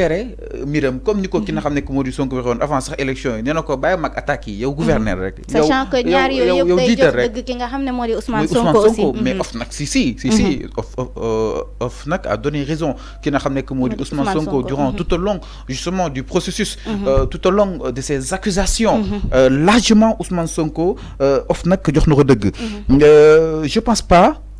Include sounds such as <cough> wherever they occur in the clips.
Euh, comme nous ko mhm. avant sax élection y mhm. gouverneur sachant que Ousmane Sonko mais mhm. si si si euh, a donné raison ki Ousmane Sonko durant tout long justement du processus euh, tout au long de ces accusations largement Ousmane Sonko je pense pas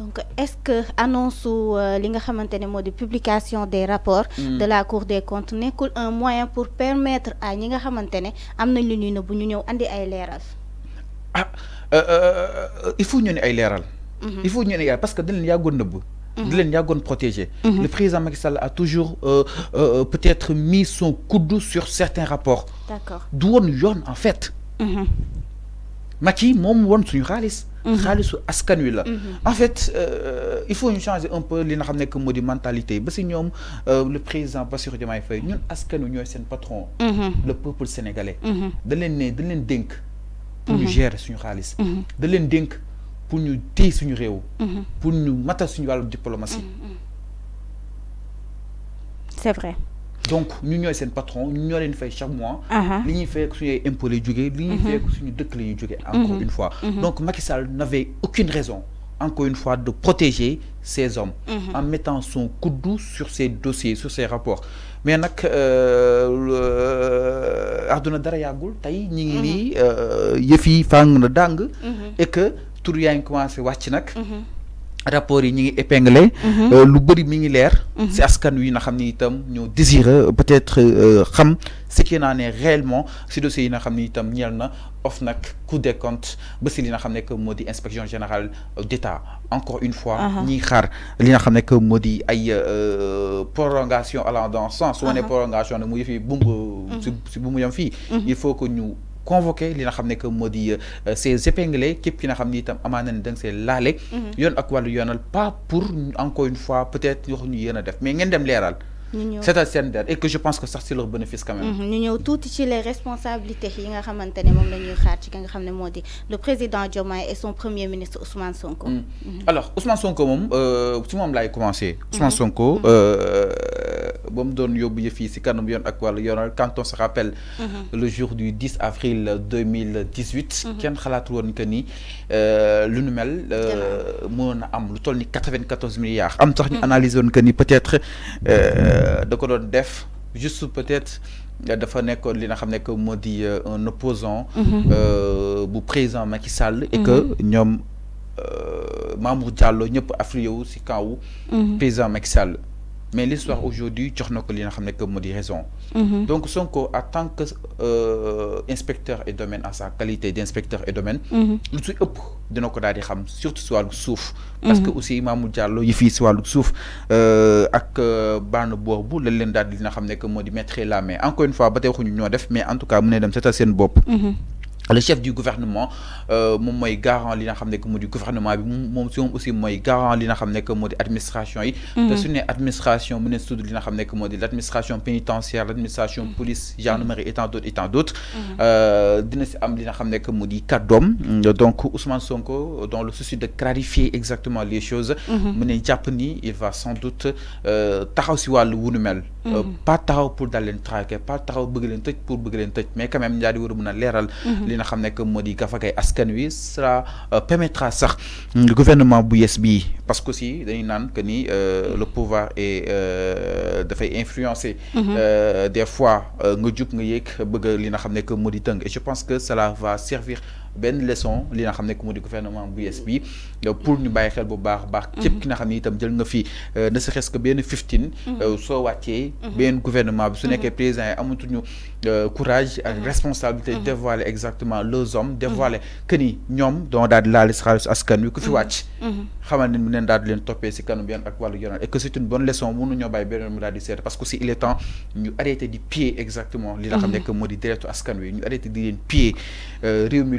donc est-ce que l'annonce ou euh, nga de publication des rapports. Mm. de la cour des comptes n'est un moyen pour permettre à ñi nga l'union à ah, euh, euh, il faut ñu mm-hmm. il faut parce que dañ leen mm-hmm. protégé. Mm-hmm. le président Macky a toujours peut-être mis son coude sur certains rapports. d'accord D'où woon en fait. Macky moom woon suñu xaalis. Mhm. xaalisu askan wi la. Mhm. en fait euh, il faut une changer un peu li nga xam nekk mentalité parce ba si euh, le président Bassirou Diomaye Faye ñun askan wi ñooy seen patron. Mhm. le peuple sénégalais. da leen ne da leen dénk. pour ñu gérer suñu xaalis. da leen dénk pour ñu téye suñu réew. pour ñu matal suñu wàllu diplomatie. c'est vrai donc nous ñooy un patron nous ñoo leen chaque mois. Uh-huh. li fait fay ak suñuy impôts lay li uh-huh. suñu la encore uh-huh. une fois donc Macky Sall n'avait aucune raison encore une fois de protéger ces hommes. en mettant son coude sur ces dossiers sur ces rapports mais en euh, euh, a dara yàggul tey ñi ngi nii euh, yëf na dang et que tout le ngi commencé à nag rapport yi ñi ngi épinglé mhm. euh, lu bari mi ngi leer mhm. si askan wi nga xam ni itam ñoo désiré euh, peut-être euh, xam ce qui en est réellement si dossier yi nga xam ni itam ñeel na OFNAC coup des comptes ba si li nga xam ne que moo di inspection générale d'État encore une fois uh-huh. ñiy xaar li nga xam ne que moo di ay prolongation allant dans sens su ma ne uh-huh. prolongation ne mu yëf yi bu uh-huh. si bu mu yem fii il faut que ñu convoqué li nga xamné que modi euh, ces épinglés képp ki nga xamni tam amana ne da nga mhm. ak walu yonal pas pour encore une fois peut-être wax ñu yéen def mais ngeen dem léral c'est à scène der et que je pense que ça, c'est leur bénéfice quand même mhm. ñu ñëw tout ci les responsabilités yi nga xamante ne moom la xaar ci nga xamné modi le président Diomaye et son premier ministre Ousmane Sonko mhm. alors Ousmane Sonko euh ci mom lay commencer Ousmane Sonko euh ba mu doon yóbbu yëf yi si kanam yoon ak wàllu yoonal quand on se rappelle mhm. le jour du 10 avril 2018 mhm. kenn xalaatul woon que ni euh, lu nu mel euh, mënoon a am lu toll ni 94 milliards am sax ñu mhm. analyse woon que ni peut-être euh, de ko doon def juste peut-être dafa nekkoon li nga xam ne que moo un opposant bu président Macky Sall et que ñoom Mamour Diallo ñëpp affilié wu si kaw président Macky Sall mais l'histoire aujourd'hui jox na ko li nga xamne que raison mhm. donc Sonko en tant que euh, inspecteur et domaine à sa qualité d'inspecteur et domaine mhm. lu si ëpp dina ko daal di xam surtout si wàllu suuf parce que mhm. aussi Mamour Diallo yi fii si wàllu suuf euh, ak euh, bann boobu lañ leen daal di li nga xam ne que moo di mettre la main encore une fois ba tey waxuñu ñoo def mais en tout cas mu ne dem à seen bopp le chef du gouvernement euh, mom moy garant li nga xamné que du gouvernement bi mom ci aussi moy garant li nga xamné que modi administration yi mhm. te su administration mu ne sud li nga xamné que modi l'administration pénitentiaire l'administration mhm. police gendarmerie et tant d'autres et tant d'autres mhm. euh, dina ci am li nga xamné que modi kadom donc Ousmane Sonko dans le souci de clarifier exactement les choses mu ne ni il va sans doute euh, taxaw si walu wunu mel euh, pas taw pour le pas taw bëgg pour bëgg leen mais quand même di dit que mhm. li nga que euh, permettra le gouvernement bu parce que que ni euh, le pouvoir est influencer. Mhm. des fois nga nga yek et je pense que cela va servir ben leçon li nga xamné ne mu di gouvernement bu yees bi pour ñu baye xel bu baax baax. képp ki nga xam itam jël nga fi euh, ne serait-ce que benn fifteen. Mm-hmm. Euh, soo wàccee. Mm-hmm. benn gouvernement bi su mm-hmm. nekké président yi ñu euh, courage ak responsabilité dévoiler exactement leurs hommes dévoiler que ni ñom do daal la laal si askan wi ku fi wàcc. xamal ne mu neen daal leen topé ci kanam yoon ak walu yoonal et que c'est une bonne leçon mu ñu ñoo baye benn mu daal di sét parce que si il est temps ñu arrêter di pied exactement. li nga xamné que moo di deretu askan wi ñu arrêter di leen piller réew mi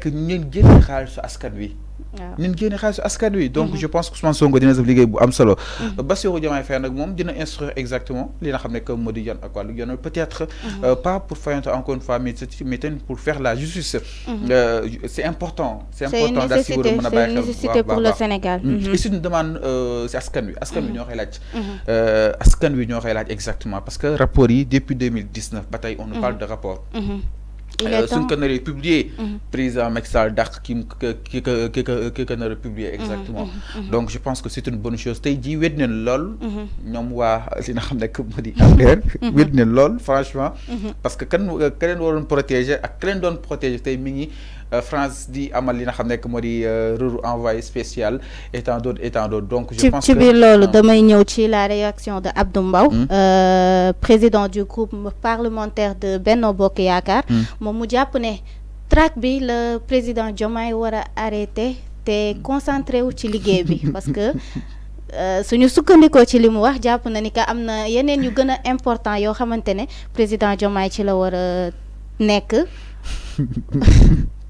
fekk ñun génne xaalisu askan wi. nous ah. ñun génne xaalisu askan wi. donc mhm. je pense que ce sont des def liggéey bu am solo. Mhm. Bassirou Diomaye Faye nag moom dina instruire exactement li nga xam ne di ak peut-être. Mhm. Euh, pas pour faire encore une fois mais pour faire la justice. Euh, c'est important. c'est important d'assurer c'est une nécessité pour le Sénégal. Mm. c'est une demande euh, si askan wi. askan wi ñoo koy askan wi ñoo koy exactement parce que rapport depuis 2019 bataille on nous parle de rapport. Euh, ce qu'on aurait publié, mmh. président Mexal Dark qui qu'on aurait publié exactement. Mmh. Mmh. Donc je pense que c'est une bonne chose. T'as dit Wednen lol, n'yamwa, c'est n'a pas comme on dit, Wednen lol, franchement, mm-hmm. parce que quand euh, on protéger, quand on protéger, t'as mini. Euh, France dit amal li nga xam nekk euh, Ruru di envoyé spécial et tant d'autres et tant d'autres donc je pense que ci biir loolu ah. damay ñew ci la réaction de Abdou Mbow hmm. euh, président du groupe parlementaire de Benno Bokk Yaakaar hmm. moom mu japp né traque bi le président Diomaye wara arrêté te concentré wu ci liggéey bi <laughs> parce que suñu sukkandiko ci limu wax japp na ni ka amna na yeneen yu gëna important yo xamantene président Diomaye ci la wara nek <laughs>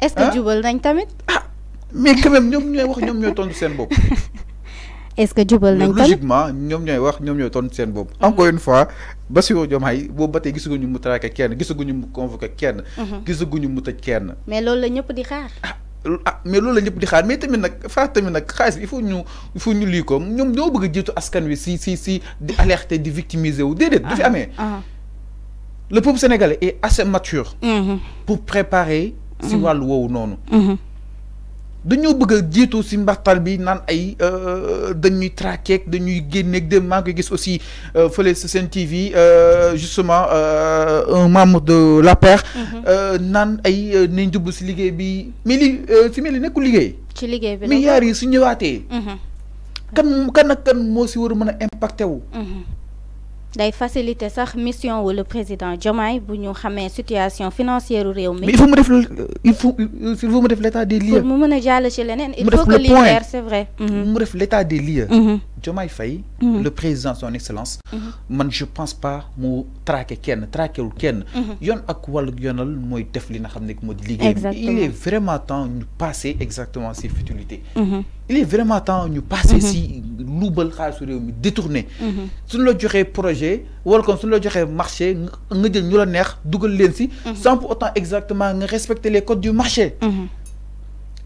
est-ce que hein? jubal nañ tamit. ah mais quand même ñoom ñooy wax ñom ñoy tontu sen bopp. <laughs> est-ce que jubal nañ tamit logiquement ñom ñoy wax ñom ñoy ton sen bob. encore une fois Bassirou Diomaye bo ba tey gisaguñu mu traqué kenn gisaguñu mu convoqué kenn. Mhm. gisaguñu mu tëj kenn. mais loolu la ñëpp di xaar. ah, ah mais loolu la ñëpp di xaar mais tamit nak fa tamit nak xaalis il faut ñu il faut ñu lii ko ñoom ñoo bëgg a askan wi si si si di alerter di victimiser wu déedéet. du fi ah, amé ah. le peuple sénégalais est assez mature. Mhm. pour préparer. si mhm. wàllu woowu noonu mhm. dañoo bëgg a jiitu si mbaxtal bi naan ay euh, dañuy traquer dañuy génneeg dem maa ngi koy gis aussi euh, fële sa seen TV euh, justement un membre de l'APR mhm. naan ay nañ jublu si liggéey bi mais li si mel nekkul liggéey ci liggéey bi milliards yi su ñëwaatee kan kan ak kan moo si war a mën a impacté day faciliter sax mission le président Diomaye bu ñu xamé situation financière réew mi. mais il faut mu def il faut il faut def des lieux. pour mu mën a jàll ci leneen. il faut que liens... C'est c' est vrai. mu def l' état des lieux. Mm-hmm. Mhm. le président son excellence je mhm. je pense pas que traquer quelqu'un traquer mhm. il est vraiment temps de passer exactement ces futilités il est vraiment temps de passer si luubal xaalisu réew mi si on la un projet ou kon suñu marché sans pour autant exactement respecter les codes du marché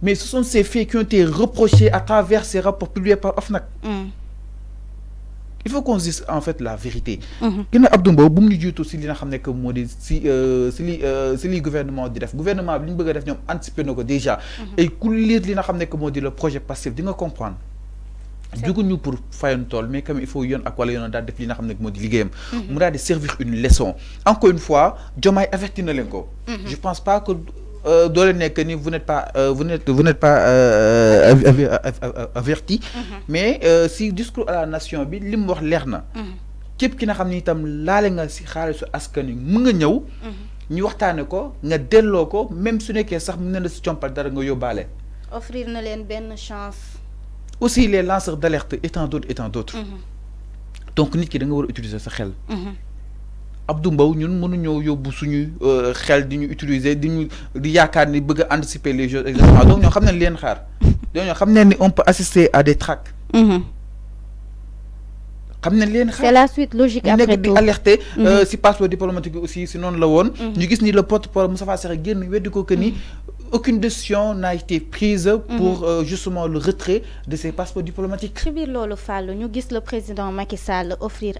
mais ce sont ces faits qui ont été reprochés à travers ces rapports publiés par OFNAC il faut qu'on dise en fait la vérité. Mhm. ginnaaw Abdou Mbow bu mu ñu jiitu si li na xam ne que moo di si euh, si li euh, si li gouvernement di def gouvernement bi li ñu bëgg a def ñoom anticiper na déjà. Mhm. et ku lire li na xam ne que moo le projet passif di nga comprendre. juguñu pour fayoon tool mais comme il faut yoon ak wala yoon daal def li na xam ne modi di liggéeyam. Mhm. mu daal servir une leçon encore une fois Diomaye averti na leen ko. je pense pas que. Euh, doo le nekk ni vous n'êtes pas euh, vous n'êtes vous n'êtes pas euh, averti mhm. mais si discours à la nation bi li mu wax leer na qui mhm. ki nga xam tam la laale nga si xaalisu askan wi mu nga ñëw mhm. ñu waxtaane ko nga delloo ko même su nekkee sax mën na la si compal dara nga yóbbaale offrir na bonne chance aussi les lanceurs d'alerte et tant d'autres et tant d'autres donc nit ki da nga war utiliser sa xel Abdou Mbow ñun mënu ñoo yóbbu suñu euh, xel di ñu utiliser di ñu di yaakaar ni bëgg anticiper les choses exactement donc ñoo xam ne leen xaar donc ñoo xam ne ni on peut assister à des tracts. Mm-hmm. xam ne leen xaar c'est la suite logique après tout nekk di alerter. Mm-hmm. Euh, si passeport diplomatique aussi si noonu la woon. Mm-hmm. ñu gis ni le porte-parole Moustapha Sarr génn weddi ko que ni. aucune décision n'a été prise pour euh, justement le retrait de ces passeports diplomatiques. ci ñu gis le président Macky Sall offrir